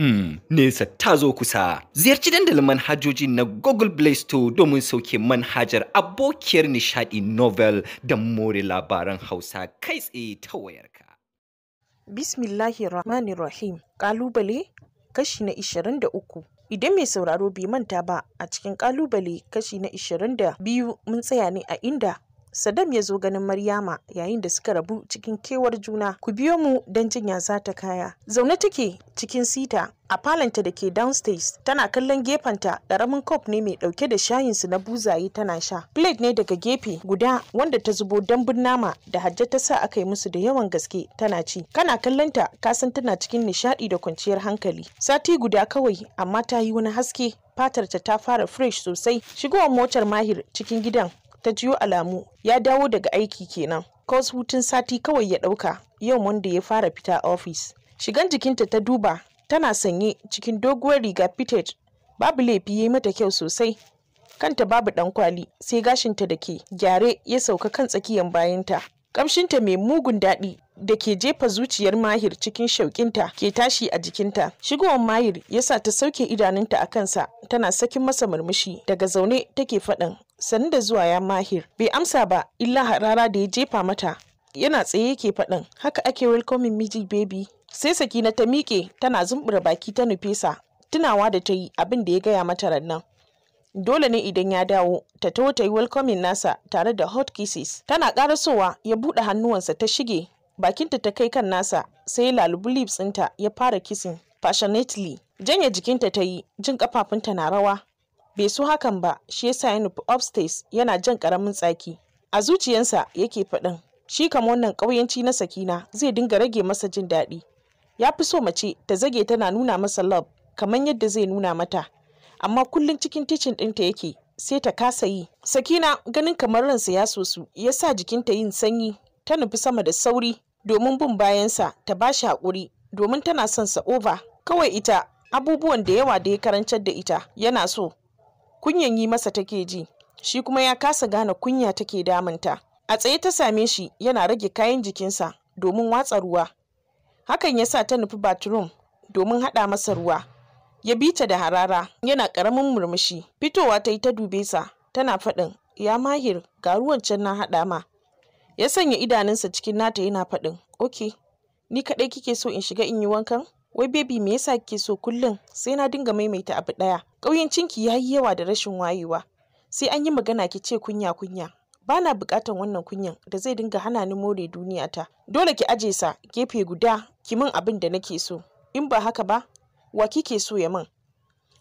Hmm. nesa ta zo kusa. Ziyarci dandalin manhajoji na Google Play Store domin sauke manhajar abokiyar nishadi novel da more labaran Hausa kai tsaye ta wayarka. Bismillahirrahmanirrahim. Kalubale kashi na 23. Idan mai sauraro bai manta ba a cikin kalubale kashi na 22 mun tsaya ne a inda Saddam ya zo ganin Maryama yayin da suka rabu cikin kewar juna. Ku biyo mu don jinya ya za ta kaya. Zaune take cikin sita a falanta da ke downstairs tana kallon gefenta ƙaramin kop ne mai ɗauke da shayinsu na buzaye tana sha plate ne daga gefe guda wanda ta zubo dambun nama da hajja ta sa aka yi musu da yawan gaske tana ci kana kallonta ka san tana cikin nishaɗi da kwanciyar hankali sati guda kawai amma ta yi wani haske fatarta ta fara fresh sosai shigowar motar mahir cikin gidan ta jiyo alamu ya dawo daga aiki kenan kos hutun sati kawai ya dauka yau wanda ya fara fita ofis shigan jikinta ta duba tana sanye cikin doguwar riga fitted babu laifi ya yi mata kyau sosai kanta babu ɗankwali sai gashinta da ke gyare ya sauka kan tsakiyar bayanta Kamshinta mai mugun daɗi da ke jefa zuciyar Mahir cikin shauƙinta ke tashi a jikinta. Shigowar Mahir ya sa ta sauke idanunta a kansa tana sakin masa murmushi daga zaune take faɗin sannu da zuwa ya Mahir. Bai amsa ba illa harara da ya jefa mata yana tsaye yake faɗin haka ake welcoming miji baby. Sai Sakina ta miƙe tana zumbura baki ta nufesa tunawa da ta yi abin da ya gaya mata rannan. Dole ne idan ya dawo, ta taho ta yi welcoming nasa tare da hot kisses. Tana sowa ya buɗe hannuwansa ta shige, bakinta ta kai kan nasa sai ya lalubi lips ɗinta ya fara kissing passionately. Janya jikinta ta yi, jin ƙafafunta na rawa. Bai so hakan ba, shi yasa ya nufi upstairs yana jan karamin tsaki. A zuciyarsa yake faɗin, shi kam wannan ƙauyanci na sakina zai dinga rage masa jin daɗi. Ya fi so mace ta zage tana nuna masa love kamar yadda zai nuna mata. amma kullum cikin ticin ɗinta yake sai ta kasa yi sakina ganin kamar ransa ya sosu ya sa jikinta yin sanyi ta nufi sama da sauri domin bin bayansa ta ba shi haƙuri domin tana son sa over kawai ita abubuwan da yawa da ya karancar da ita yana so kunyan yi masa take ji shi kuma ya kasa gane kunya take damunta a tsaye ta same shi yana rage kayan jikinsa domin watsa ruwa hakan ya sa ta nufi bathroom domin haɗa masa ruwa ya bi ta da harara yana ƙaramin murmushi fitowa ta yi ta dube sa tana faɗin ya mahir ga ruwan can na haɗa ma ya sanya idanunsa cikin nata yana faɗin ok ni kaɗai kike so in shiga in yi wankan wai bebi me yasa kike so kullum sai na dinga maimaita abu ɗaya ƙauyancinki ya yi yawa da rashin wayewa sai an yi magana ki ce kunya kunya Bana na buƙatan wannan kunyan da zai dinga hana ni more duniya ta dole ki aje sa gefe guda ki min abin da nake so in ba haka ba wa kike so ya min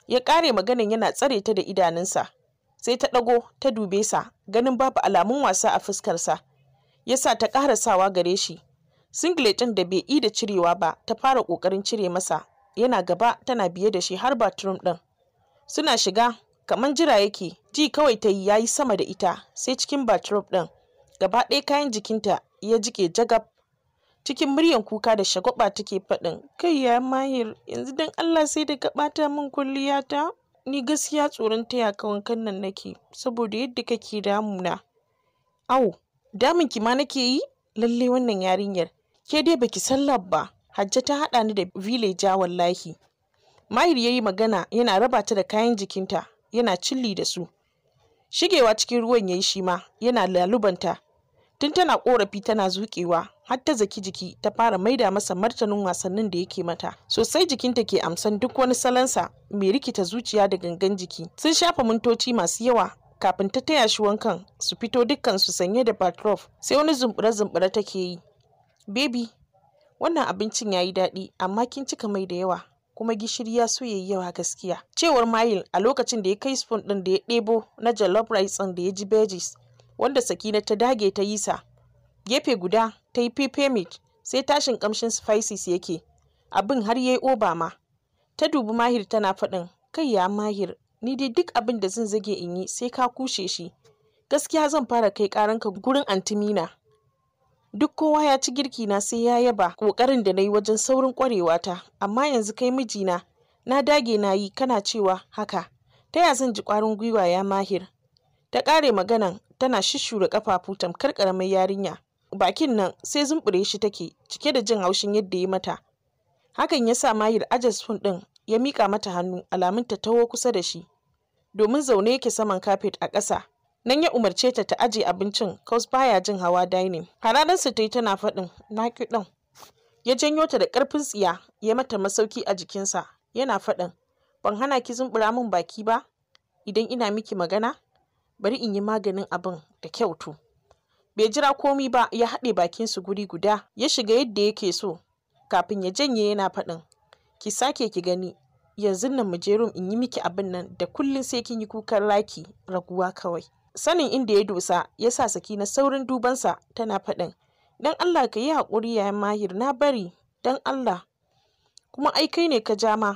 ya ƙare maganin yana tsare ta da idanunsa sai ta ɗago ta dube sa ganin babu alamun wasa a fuskarsa ya sa ta ƙarasawa gare shi singlet ɗin da bai yi da cirewa ba ta fara ƙoƙarin cire masa yana gaba tana biye da shi har bathroom ɗin suna shiga kamar jira yake ji kawai ta yi yayi sama da ita sai cikin bathroom ɗin gaba ɗaya kayan jikinta ya jike jagab cikin muryan kuka da shagwaba take faɗin kai ya mahir yanzu dan allah sai da ka ɓata min kulliyata ni gaskiya tsoron taya ka wankan nan nake saboda yadda kake damuna au damun ki ma nake yi lalle wannan yarinyar ke dai baki sallar ba hajja ta haɗa ni da villager wallahi mahir ya yi magana yana raba ta da kayan jikinta yana cilli da su shigewa cikin ruwan ya yi shi ma yana lalubanta tun tana korafi tana zuƙewa har ta zaki jiki ta fara maida masa martanin wasannin da yake mata sosai jikinta ke amsan duk wani salansa mai rikita zuciya da gangan jiki sun shafa mintoci masu yawa kafin ta taya shi wankan su fito dukkan su sanye da batrof sai wani zumbure zumbure take yi baby wannan abincin ya yi daɗi amma kin cika mai da yawa kuma gishiri ya so yayi yawa gaskiya cewar mayil a lokacin da ya kai spoon din da ya ɗebo na jollof rice din da ya ji veggies wanda sakina ta dage ta yi sa gefe guda ta yi pepe sai tashin kamshin spices yake abin har yayi oba ma ta dubi mahir tana faɗin kai ya mahir ni dai duk abin da zan zage in yi sai ka kushe shi gaskiya zan fara kai karanka gurin antimina duk kowa ya ci girki na sai ya yaba ƙoƙarin da na yi wajen saurin ƙwarewata amma yanzu kai mijina na dage na yi kana cewa haka ta ya zan ji kwarin gwiwa ya mahir ta kare maganan tana shishura kafafu tamkar ƙaramar yarinya bakin nan sai zumbure shi take cike da jin haushin yadda ya mata hakan ya sa mahir ajas fun ɗin ya mika mata hannu alamun ta taho kusa da shi domin zaune yake saman kafet a ƙasa nan ya umarce ta ta aje abincin kaus baya jin hawa dining hararsa ta yi tana faɗin na ki ɗan ya janyo ta da ƙarfin tsiya ya mata masauki a jikinsa yana faɗin ban hana ki zumbura min baki ba idan ina miki magana bari in yi maganin abin da kyau to bai jira komi ba ya haɗe bakinsu guri guda ya shiga yadda yake so kafin ya janye yana faɗin ki sake ki gani yanzu nan mu je in yi miki abin nan da kullum sai kin yi kukan laki, raguwa kawai sanin inda ya dosa ya sa saki na saurin dubansa tana faɗin dan Allah ka yi haƙuri yayin mahir na bari dan Allah kuma ai kai ne ka ja ma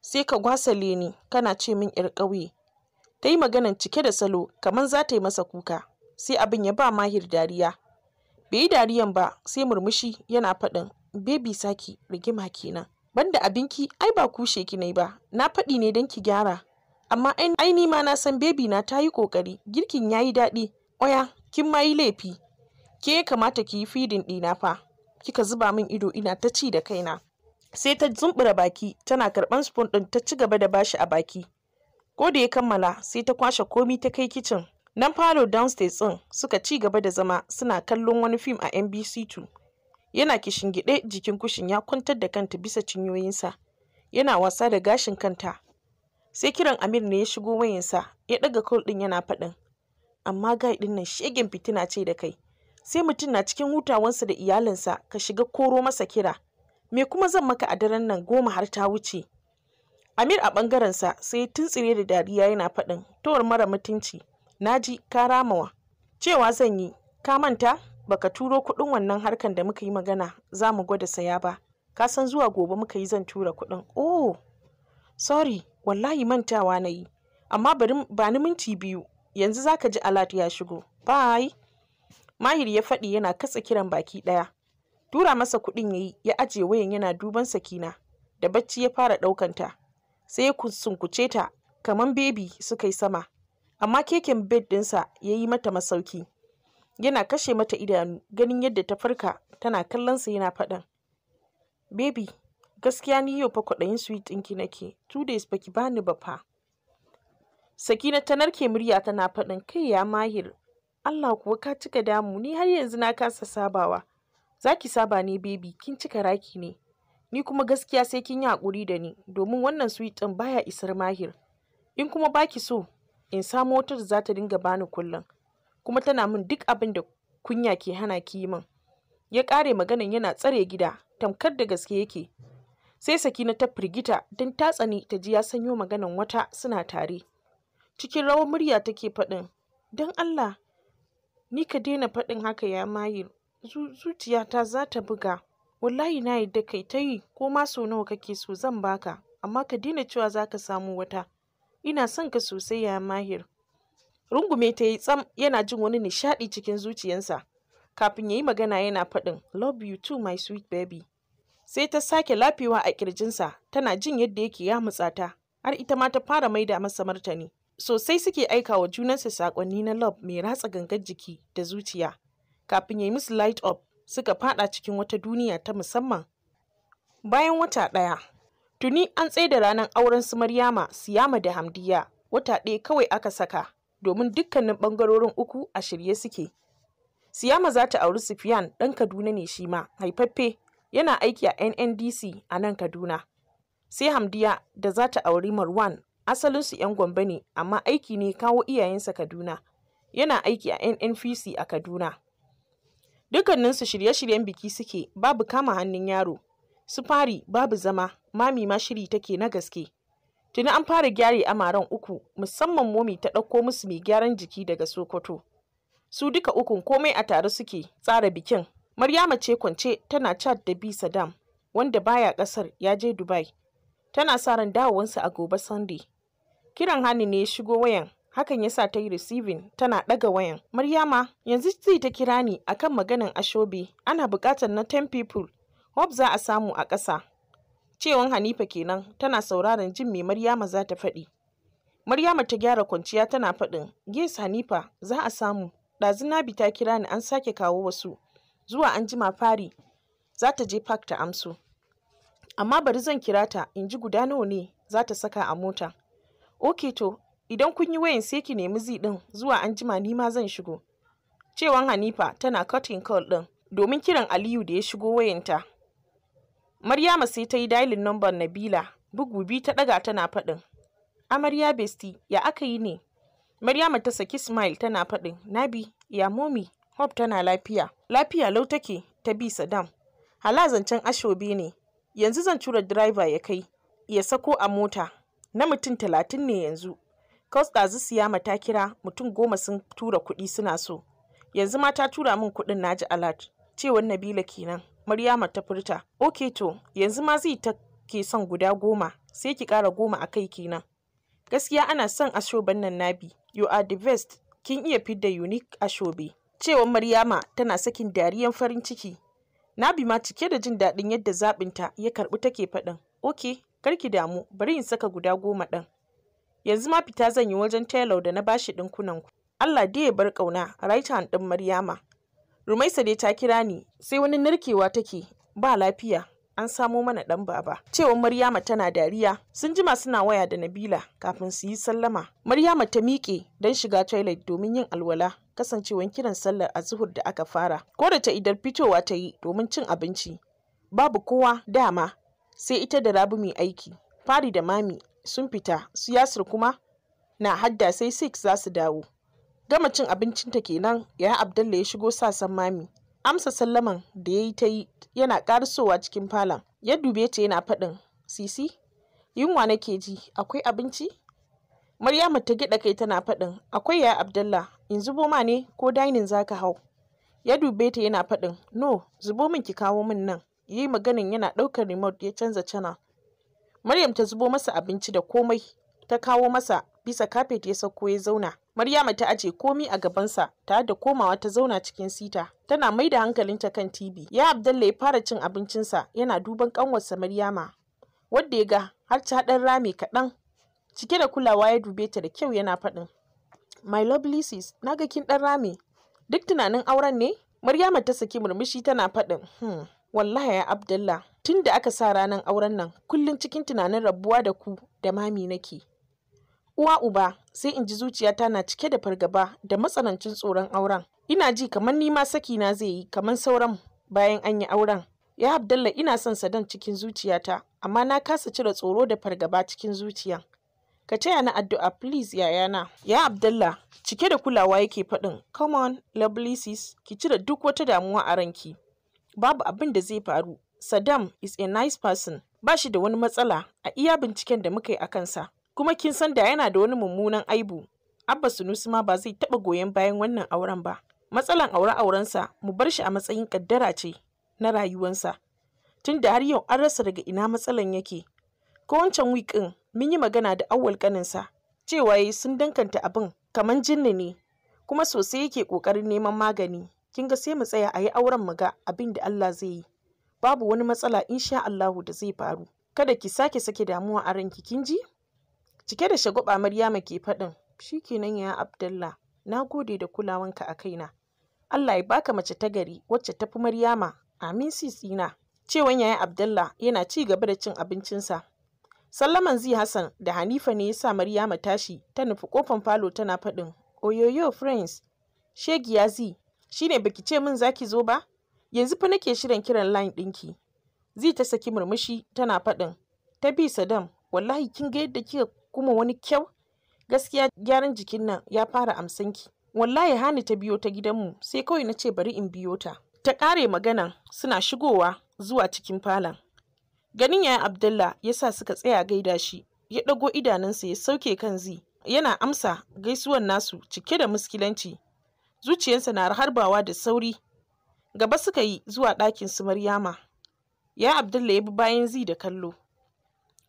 sai ka gwasale ni kana ce min yar ƙauye ta yi maganan cike da salo kamar za ta yi masa kuka sai abin ya ba mahir dariya bai yi dariyan ba sai murmushi yana faɗin bebi saki rigima kenan banda abinki ai ba kushe ki nai ba na faɗi ne don ki gyara amma ai nima ma na san bebi na ta yi ƙoƙari girkin ya yi daɗi oya kin ma yi laifi ke ya kamata ki yi fidin ɗina fa kika zuba min ido ina ta ci da kaina sai ta zumbura baki tana karɓan spoon ɗin ta ci gaba da bashi a baki Ko da ya kammala sai ta kwashe komi ta kai kicin. Nan falo downstairs ɗin suka ci gaba da zama suna kallon wani fim a NBC2. Yana kishingiɗe jikin kushin ya kwantar da kanta bisa cinyoyinsa. Yana wasa da gashin kanta. Sai kiran Amir ne ya shigo wayansa ya ɗaga kol ɗin yana faɗin. Amma gai ɗin nan shegen fitina ce da kai. Sai mutum na cikin hutawansa da iyalinsa ka shiga koro masa kira. Me kuma zan maka a daren nan goma har ta wuce. Amir a ɓangarensa sai ya tuntsire da dariya yana faɗin towar mara mutunci na ji ka ramawa cewa zan yi ka manta baka turo kuɗin wannan harkan da muka yi magana za mu gwada saya ba ka san zuwa gobe muka yi zan tura kuɗin oh sorry wallahi mantawa na yi amma bari ba ni minti biyu yanzu za ka ji alat ya shigo bye mahir ya faɗi yana katse kiran baki ɗaya tura masa kuɗin ya yi ya ajiye wayan yana duban sakina da bacci ya fara ɗaukanta sai ku sunkuce ta kamar bebi suka yi sama amma keken bed ɗinsa ya yi mata masauki yana kashe mata idanu ganin yadda ta farka tana kallon sa yana faɗan Bebi, gaskiya ni yau fa kwaɗayin sweet ɗinki nake two days baki bani ba fa sakina ta narke murya tana faɗin kai ya mahir allah kuwa ka cika damu ni har yanzu na kasa sabawa zaki saba ne bebi. kin cika raki ne ni kuma gaskiya sai kin yi haƙuri da ni domin wannan sweet ɗin baya isar mahir in kuma baki so in samo wata da za ta dinga bani kullum kuma tana min duk abin da kunya ke hana ki yi min ya ƙare maganan yana tsare gida tamkar da gaske yake sai sakina ta firgita don ta ta ji ya sanyo maganan wata suna tare cikin rawar murya take faɗin don allah ni ka daina faɗin haka ya mayi zuciyata za ta buga Wallahi na yadda kai ta yi ko ma sau nawa kake so zan baka amma ka daina cewa za ka samu wata. Ina son ka sosai ya Mahir. Rungume ta yi tsam yana jin wani nishaɗi cikin zuciyarsa. Kafin ya yi magana yana faɗin love you too my sweet baby. Sai ta sake lafewa a ƙirjinsa tana jin yadda yake ya mutsata har ita ma ta fara maida masa martani. Sosai suke aika wa junansa saƙonni na love mai ratsa gangar jiki da zuciya. Kafin ya yi musu light up suka fada cikin wata duniya ta musamman bayan wata ɗaya tuni an da ranar auren su maryama siyama da hamdiya wata ɗaya kawai aka saka domin dukkanin bangarorin uku a shirye suke siyama za ta auri sufiyan ɗan kaduna ne shi ma haifaffe yana aiki a nndc a nan kaduna sai hamdiya da za ta auri marwan asalinsu 'yan gombe ne amma aiki ne kawo iyayensa kaduna yana aiki a nnpc a kaduna Dukkaninsu shirye-shiryen biki suke, babu kama hannun yaro. Su fari babu zama, Mami ma shiri take na gaske. Tuni an fara gyare amaran uku, musamman Momi ta ɗauko musu mai gyaran jiki daga Sokoto. Su duka ukun komai a tare suke tsara bikin. Maryama ce kwance tana Chad da bi sadam wanda baya ƙasar ya je Dubai. Tana sa ran dawowansa a gobe Sunday. Kiran hani ne ya shigo wayan hakan yasa ta yi receiving tana ɗaga wayan. Maryama yanzu zai ta kira ni akan maganin ashobe. ana buƙatar na 10 people hope za a samu a ƙasa. Cewan Hanifa kenan tana sauraron jin me Maryama za ta faɗi. Maryama ta gyara kwanciya tana faɗin yes Hanifa za a samu ɗazu Nabi ta kira ni an sake kawo wasu zuwa an jima fari za ta je park ta amsu amma bari zan kira ta in ji guda nawa ne za ta saka a mota. Oke to, Idan kun yi wayan sai ki nemi zi din, zuwa anjima, jima ni ma zan shigo. Cewan Hanifa tana cutting call din. domin kiran Aliyu da ya shigo wayanta. Maryama sai ta yi dialing number Nabila bugu biyu ta daga tana faɗin. Amarya Besti ya aka yi ne? Maryama ta saki smile tana faɗin Nabi ya momi hop tana lafiya. Lafiya lau take ta bi sadam Hala zancen ashobe ne. Yanzu zan cura driver ya kai ya sako a mota. Na mutum talatin ne yanzu Kos ɗazu siyama ta kira mutum goma sun tura kuɗi suna so. Yanzu ma ta tura min kuɗin naji alert. Cewar Nabila kenan. Maryama ta furta. Ok to, yanzu ma zai ta ke son guda goma, sai ki ƙara goma a kai kenan. Gaskiya ana son ashoban nan nabi. You are the best. Kin iya fidda unique ashobe. Cewar Maryama tana sakin dariyan farin ciki. Nabi ma cike da jin daɗin yadda zaɓinta ya karɓi take faɗin. Ok, kar ki damu, bari in saka guda goma ɗin. yanzu ma fita zan yi wajen tailor da na bashi ɗinkunan ku Allah dai ya bar ƙauna right hand ɗin Maryama Rumaisa dai ta kira ni sai wani narkewa take ba lafiya an samo mana ɗan baba cewa Maryama tana dariya sun jima suna waya da Nabila kafin su yi sallama Maryama ta miƙe don shiga toilet domin yin alwala kasancewar kiran sallar azuhur da aka fara ko da ta idar fitowa ta yi domin cin abinci babu kowa dama sai ita da rabu mai aiki fari da mami sun fita su yasir kuma na hadda sai six za su dawo gama cin abincinta kenan ya abdalla ya shigo sasan mami amsa sallaman da ya yi ta yi yana ƙarasowa cikin falon ya dube ta yana faɗin sisi yunwa nake ji akwai abinci Maryamu ta gida kai tana faɗin akwai ya abdalla in zubo ma ne ko dainin zaka hau ya dube ta yana faɗin no zubo min ki kawo min nan yi maganin yana ɗaukar remote ya canza channel Maryam ta zubo masa abinci da komai ta kawo masa bisa kafet ya sauko ya zauna. Maryama ta aje komi a gabansa tare da komawa ta zauna cikin sita tana mai da hankalinta kan TV. Ya Abdalla ya fara cin abincinsa yana duban kanwarsa Maryama wadda ya ga har ta haɗar rami kaɗan cike da kulawa ya dube ta da kyau yana faɗin. My lovely sis, ga kin ɗan rami. Duk tunanin auren ne? Maryama ta saki murmushi tana faɗin, hmm, Wallaha ya abdullah tun da aka sa ranar auren nan kullum cikin tunanin rabuwa da ku da mami nake uwa uba sai in ji zuciyata na cike da fargaba da matsanancin tsoron auren ina ji kamar nima saki na zai yi kamar sauran bayan an yi auren ya abdullah ina son sadan cikin zuciyata amma na kasa cire tsoro da fargaba cikin zuciya ka taya na addu'a please yayana ya abdullah cike da kulawa yake faɗin come on lovely sis ki cire duk wata damuwa a ranki babu abin da zai faru. Saddam is a nice person, ba shi da wani matsala a iya binciken da muka yi a kansa. Kuma kin san da yana da wani mummunan aibu. Abba Sunusi ma ba zai taɓa goyon bayan wannan auren ba. Matsalan aure-aurensa mu bar shi a matsayin ƙaddara ce na rayuwansa. Tun da har yau an rasa daga ina matsalan yake. Ko wancan wikin mun yi magana da awwal ƙaninsa cewa sun dankanta abin kamar jinni ne kuma sosai yake ƙoƙarin neman magani. kin ga sai mu tsaya a yi auren mu ga abin da Allah zai yi babu wani matsala insha Allahu da zai faru kada ki sake sake damuwa a ranki kin ji cike da shagwaba Maryama ke faɗin shikenan ya Abdullah na gode da kulawanka a kaina Allah ya baka mace ta gari wacce ta fi Maryama amin sisina cewan yayin Abdullah yana ci gaba da cin abincinsa sallaman Zai Hassan da Hanifa ne ya sa Maryama tashi ta nufi kofan falo tana faɗin oyoyo friends shegiya zi shine baki ce min zaki zo ba yanzu fa nake shirin kiran line ɗinki zai ta saki murmushi tana faɗin ta bi sadam wallahi kin ga yadda kika kuma wani kyau gaskiya gyaran jikin nan ya fara amsanki. wallahi hani ta biyo ta gidanmu sai kawai na ce bari in biyo ta ta ƙare maganan suna shigowa zuwa cikin falon ganin yayin abdullah ya sa suka tsaya gaida shi ya ɗago idanunsa ya sauke kan zi yana amsa gaisuwan nasu cike da muskilanci zuciyarsa na harbawa da sauri gaba suka yi zuwa ɗakin su maryama ya abdulla ya bi bayan zi da kallo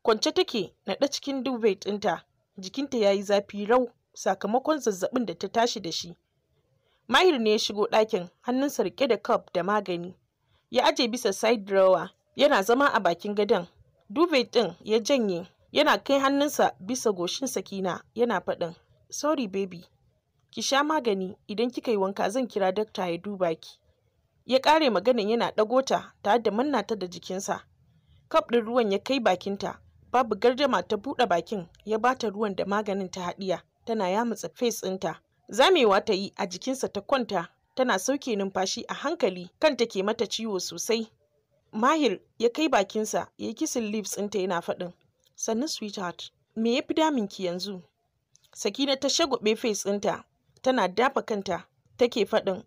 kwance take naɗa cikin duvet ɗinta jikinta ya yi zafi rau sakamakon zazzabin da ta tashi da shi mahir ne ya shigo ɗakin hannunsa riƙe da kaf da magani ya aje bisa side drawer yana zama a bakin gadon duvet ɗin ya janye yana kai hannunsa bisa goshin sakina yana faɗin sorry baby ki sha magani idan kika yi wanka zan kira dakta ya duba ki ya ƙare maganan yana ɗago ta tare da manna ta da jikinsa kaf ɗin ruwan ya kai bakinta babu gardama ta buɗe bakin ya bata ruwan da maganin ta haɗiya tana yamutsa fes ɗinta zamewa ta yi a jikinsa ta kwanta tana sauke numfashi a hankali kanta ke mata ciwo sosai mahir ya kai bakinsa ya yi kisin lips ɗinta yana faɗin sannan sweetheart me ya fi ki yanzu sakina ta shagobe face ɗinta tana dafa kanta take faɗin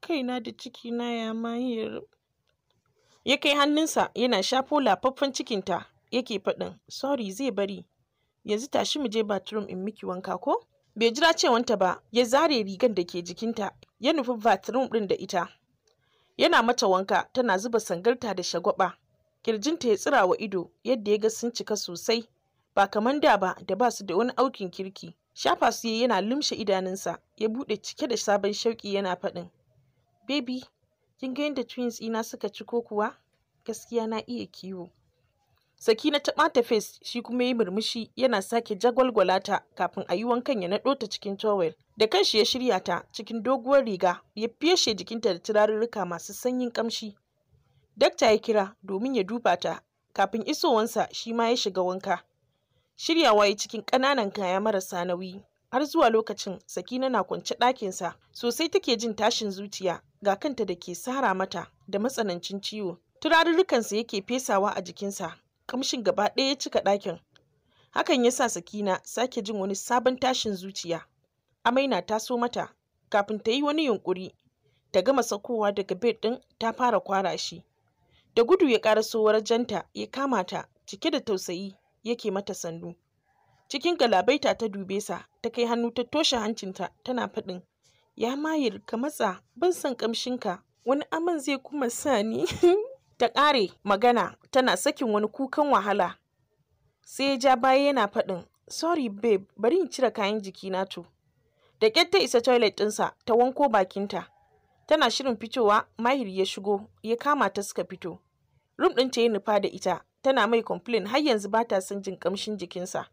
kaina da cikina ya mahir ya kai hannunsa yana shafo lafaffen cikinta yake faɗin sorry zai bari yanzu tashi mu je bathroom in miki wanka ko bai jira cewanta ba ya zare rigan da ke jikinta ya nufi bathroom ɗin da ita yana mata wanka tana zuba sangarta da shagwaba kirjinta ya tsira wa ido yadda ya ga sun cika sosai ba kaman da ba da ba su da wani aukin kirki Shafa su yana lumshe idanunsa, ya bude cike da sabon shauki yana faɗin, Baby, kin ga yadda twins ina suka ci ko kuwa? Gaskiya na iya kiwo. Sakina ta ɓata face shi kuma yi murmushi yana sake jagwalgwala ta kafin a yi wankan ya naɗo ta cikin towel. Da kanshi ya shirya ta cikin doguwar riga ya feshe jikinta da turarurruka masu sanyin ƙamshi. Dakta ya kira domin ya duba ta kafin isowansa shi ma ya shiga wanka. Shirya waye cikin ƙananan kaya marasa nauyi. Har zuwa lokacin, Sakina na kwance ɗakinsa, sosai take jin tashin zuciya ga kanta da ke sara mata da matsanancin ciwo. Turarurrukansa yake fesawa a jikinsa, kamshin gaba ɗaya ya cika ɗakin. Hakan ya sa Sakina sake jin wani sabon tashin zuciya. Amai na taso mata, kafin ta yi wani yunƙuri, ta gama sakowa daga bed ɗin ta fara kwara shi. Da gudu ya ƙaraso ta ya kama ta cike da tausayi yake mata sandu. Cikin galabaita ta dube sa, ta kai hannu ta toshe hancinta tana faɗin, Ya mayir ka matsa, ban san ƙamshinka, wani aman zai kuma sa ni. ta ƙare magana tana sakin wani kukan wahala. Sai ya ja baya yana faɗin, Sorry babe, bari in cire kayan jiki na to. Da ƙyar ta isa toilet ɗinsa, ta wanko bakinta. Tana shirin fitowa, Mahir ya shigo, ya kama ta suka fito. Rum ɗin ta ya nufa da ita, tana mai complain har yanzu ba ta son jin kamshin jikinsa.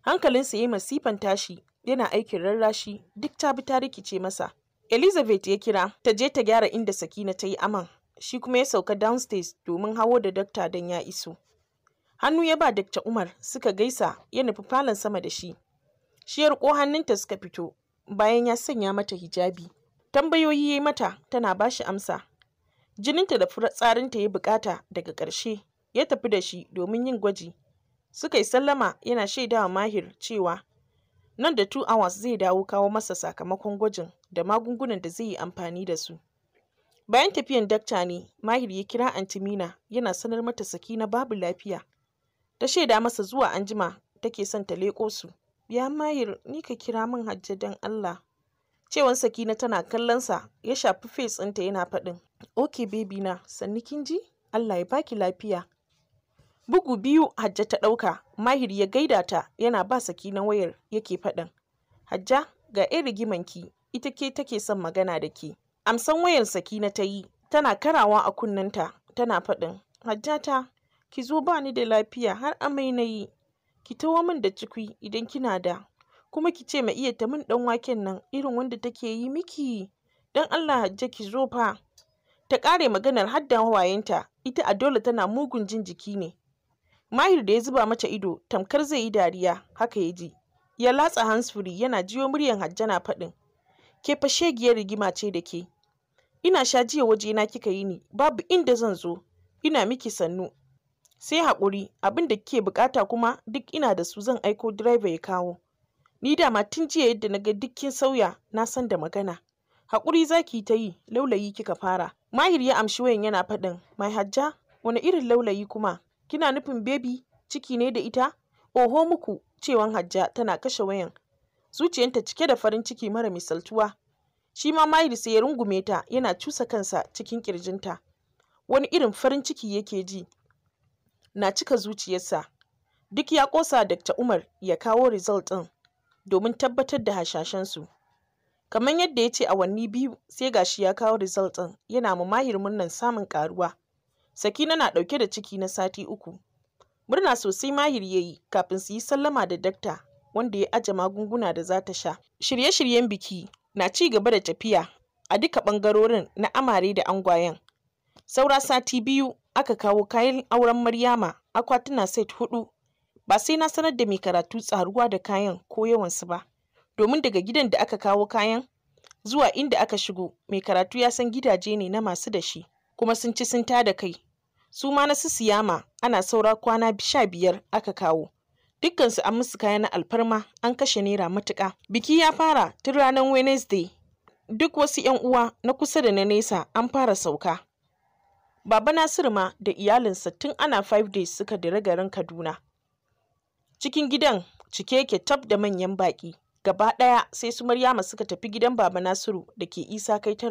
Hankalinsa ya masifan tashi yana aikin rarrashi duk ta bi ta rikice masa. Elizabeth ya kira ta je ta gyara inda Sakina ta yi aman shi kuma ya sauka downstairs domin hawo da dakta don ya iso. Hannu ya ba Dakta Umar suka gaisa ya nufi falon sama da shi. Shi ya riko hannunta suka fito bayan ya sanya mata hijabi. Tambayoyi ya yi mata tana ba shi amsa. Jininta da tsarinta ya bukata daga ƙarshe ya tafi da shi domin yin gwaji. Suka yi sallama yana shaidawa Mahir cewa nan da 2 hours zai dawo kawo masa sakamakon gwajin da magungunan da zai yi amfani da su. Bayan tafiyan dakta ne, Mahir ya kira Antimina yana sanar mata Sakina babu lafiya. Ta shaida masa zuwa anjima take son ta leko su. Ya Mahir, ni ka kira min hajja don Allah. Cewan Sakina tana kallonsa ya shafi fes ɗinta yana faɗin. Oke okay, bebi na, sannu ji? Allah ya baki lafiya. Bugu biyu Hajja ta ɗauka, Mahir ya gaida ta yana ba saki na wayar yake faɗin, Hajja ga 'yan rigimanki ita ke take son magana da ke. Amsan wayar na ta yi, tana karawa a kunnenta, tana faɗin, ta ki zo ba ni da lafiya har amai na yi, ki tawo min da cikwi idan kina da, kuma ki ce ma iya ta min ɗan waken nan irin wanda take yi miki, don Allah Hajja ki zo fa. Ta ƙare maganar hadda hawayenta, ita a dole tana mugun jin jiki ne, Mahir da ya zuba mata ido tamkar zai yi dariya haka ya ji. Ya latsa hansfuri yana jiyo muryar na faɗin. Ke fashe giyar rigima ce da ke. Ina sha jiya waje na kika yi ni babu inda zan zo. Ina miki sannu. Sai haƙuri abin da kike buƙata kuma duk ina da su zan aiko direba ya kawo. Ni dama tun jiya yadda na ga dukkin sauya na san da magana. Haƙuri za ki ta yi laulayi kika fara. Mahir ya amshi wayan yana faɗin mai hajja wani irin laulayi kuma Kina nufin Baby ciki ne da ita? Oho muku!” cewan Hajja tana kashe wayan, Zuciyanta cike da farin ciki mara misaltuwa. Shi ma sai ya rungume ta yana cusa kansa cikin ƙirjinta. Wani irin farin ciki yake ji na cika zuciyarsa. Duk ya ƙosa Dr. Umar ya kawo result ɗin domin tabbatar da hasashensu. Kamar yadda ya ce awanni biyu sai gashi ya kawo result ɗin yana ma Mahir nan samun ƙaruwa. Sakina na ɗauke da ciki na sati uku. Murna sosai Mahir ya yi kafin su yi sallama da dakta wanda ya aje magunguna da za ta sha. Shirye-shiryen biki na ci gaba da tafiya a duka ɓangarorin na amare da angwayen. Saura sati biyu aka kawo kayan auren Maryama akwatuna set hudu. Ba sai na sanar da mai karatu tsaruwa da kayan ko yawansu ba. Domin daga gidan da aka kawo kayan zuwa inda aka shigo mai karatu ya san gidaje ne na masu da shi. kuma sun ci sun tada kai su ma na sisiyama ana saura kwana sha biyar aka kawo dukkansu an musu kayan na alfarma an kashe naira matuka. biki ya fara tun ranar wednesday duk wasu yan uwa na kusa da na nesa an fara sauka baba nasiru ma da iyalinsa tun ana five days suka dira garin kaduna cikin gidan cike yake tab da manyan baƙi gaba ɗaya sai su maryama suka tafi gidan baba nasiru da ke isa kai ta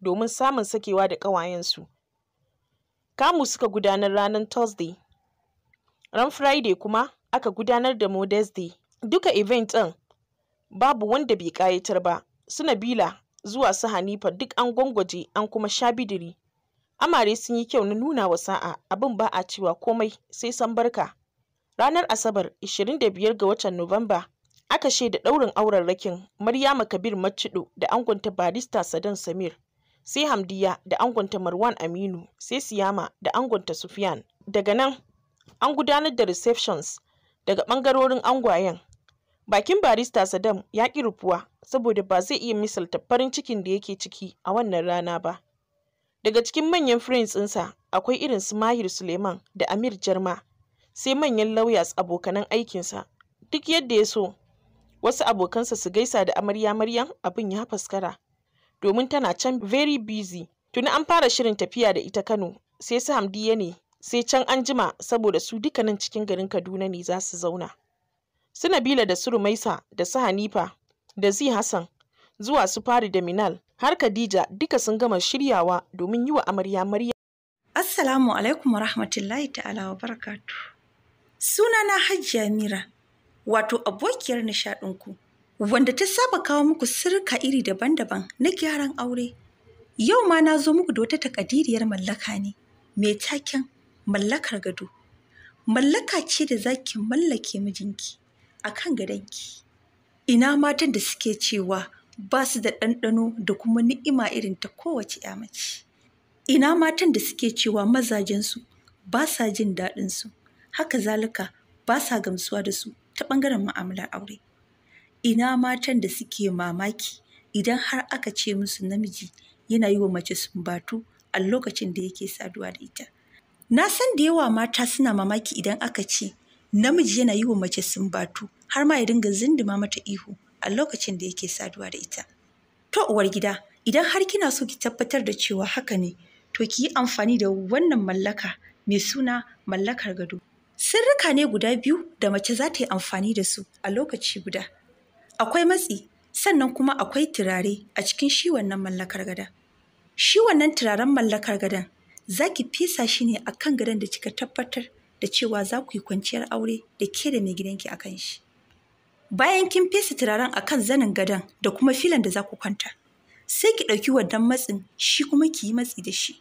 domin samun sakewa da ƙawayensu. Kamu suka gudanar ranar Thursday. Ran Friday kuma aka gudanar da Modest Day. Duka event ɗin babu wanda bai ƙayatar ba. Suna bila zuwa su Hanifa duk an gwangwaje an kuma sha bidiri. Amare sun yi kyau na nuna wa sa'a abin ba a cewa komai sai san barka. Ranar Asabar 25 ga watan Nuwamba aka shaida ɗaurin auren rakin Maryama Kabir Macido da angonta barista Sadan Samir. sai Hamdiya da angonta Marwan Aminu, sai Siyama da angonta Sufyan. Daga nan, an gudanar da receptions daga ɓangarorin angwayen. Bakin barista Saddam ya ƙi rufuwa saboda ba zai iya misalta farin cikin da yake ciki a wannan rana ba. Daga cikin manyan friends ɗinsa akwai irin su Mahir Suleiman da Amir Jarma, sai manyan lawyers abokanan aikinsa. Duk yadda ya so, wasu abokansa su gaisa da amarya Maryam abin ya faskara. domin tana can very busy. Tuni an fara shirin tafiya da ita Kano sai su Hamdiya ne sai can an jima saboda su duka nan cikin garin Kaduna ne za su zauna. Su Nabila da su Rumaisa da su Hanifa da Zi Hassan zuwa su fari da Minal har Khadija duka sun gama shiryawa domin yi wa amarya Maryam. Assalamu alaikum wa rahmatullahi ta'ala wa barakatuh. Sunana Hajiya Mira, wato abokiyar ku wanda ta saba kawo muku sirka iri daban-daban na gyaran aure. Yau ma na zo muku da wata takadiriyar mallaka ne mai taken mallakar gado. Mallaka ce da za ki mallake mijinki a kan gadonki. Ina matan da suke cewa ba su da ɗanɗano da kuma ni'ima irin ta kowace ya mace. Ina matan da suke cewa mazajensu ba sa jin daɗinsu, haka zalika ba sa gamsuwa da su ta ɓangaren ma'amalar aure. Ina matan da suke mamaki idan har aka ce musu namiji yana yi wa mace sumbatu a lokacin da yake saduwa da ita. Na san da yawa mata suna mamaki idan aka ce namiji yana yi wa mace sumbatu har ma ya dinga zinduma mata ihu a lokacin da yake saduwa da ita. To uwar gida, idan har kina so ki tabbatar da cewa haka ne, to ki yi amfani da wannan mallaka mai suna mallakar gado. Sirrika ne guda biyu da mace za ta yi amfani da su a lokaci guda. akwai matsi sannan kuma akwai turare a cikin shi wannan mallakar gada shi wannan turaren mallakar gadan za ki fesa shi ne a kan gadon da kika tabbatar da cewa za ku yi kwanciyar aure da ke da mai gidanki a kan shi bayan kin fesa turaren a kan zanin gadon da kuma filan da za ku kwanta sai ki ɗauki wannan matsin shi kuma ki yi matsi da shi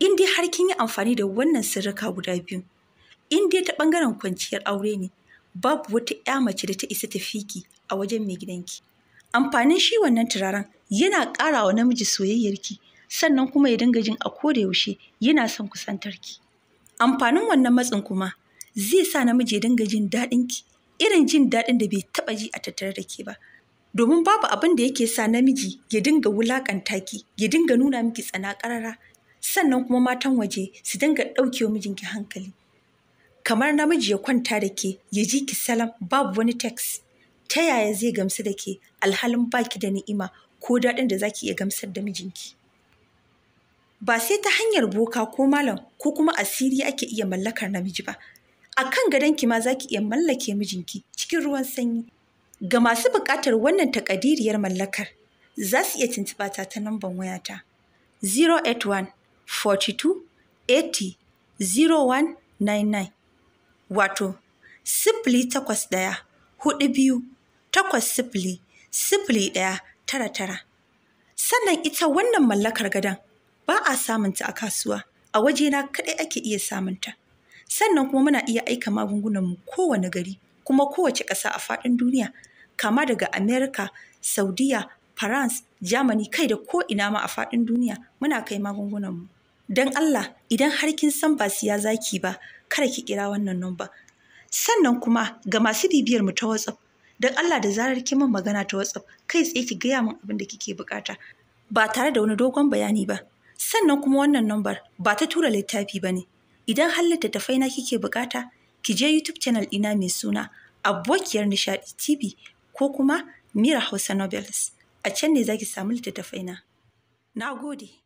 in dai har kin yi amfani da wannan sirrika guda biyu in dai ta ɓangaren kwanciyar aure ne babu wata 'ya mace da ta isa ta fiki a wajen mai gidanki amfanin shi wannan turaren yana ƙara wa namiji soyayyarki sannan kuma ya dinga jin a koda yaushe yana son kusantarki amfanin wannan matsin kuma zai sa namiji ya dinga jin daɗinki irin jin daɗin da bai taɓa ji a tattare da ke ba domin babu abin da yake sa namiji ya dinga wulaƙanta ki ya dinga nuna miki tsana ƙarara sannan kuma matan waje su dinga ɗauke wa mijinki hankali kamar namiji ya kwanta da ke ya ji ki salam babu wani text ta yaya zai gamsu da ke alhalin baki da ni'ima ko daɗin da zaki iya gamsar da mijinki ba sai ta hanyar boka ko malam ko kuma asiri ake iya mallakar namiji ba a kan gadonki ma zaki iya mallake mijinki cikin ruwan sanyi ga masu buƙatar wannan takadiriyar mallakar za su iya tuntuɓa ta ta namban wayata 081 42 80 0199 wato sifili takwas ɗaya hudu biyu takwas sifili sifili ɗaya tara tara. Sannan ita wannan mallakar gadon ba a samunta a kasuwa, a wajena kaɗai ake iya samunta. Sannan kuma muna iya aika magungunan mu kowane gari kuma kowace ƙasa a faɗin duniya, kama daga Amerika, Saudiya, France, Germany kai da ko ina ma a faɗin duniya muna kai magungunan mu. Don Allah idan har kin san ba siya zaki ba, kada ki kira wannan numba. Sannan kuma ga masu bibiyar mu ta WhatsApp don Allah da zarar kin min magana ta WhatsApp kai tsaye ki gaya min abin da kike bukata ba tare da wani dogon bayani ba sannan kuma wannan nambar ba ta tura littafi ba ne idan har littattafai na kike bukata ki je YouTube channel ina mai suna abokiyar nishadi TV ko kuma Mira Hausa Novels a can ne zaki samu littattafai na. Na gode.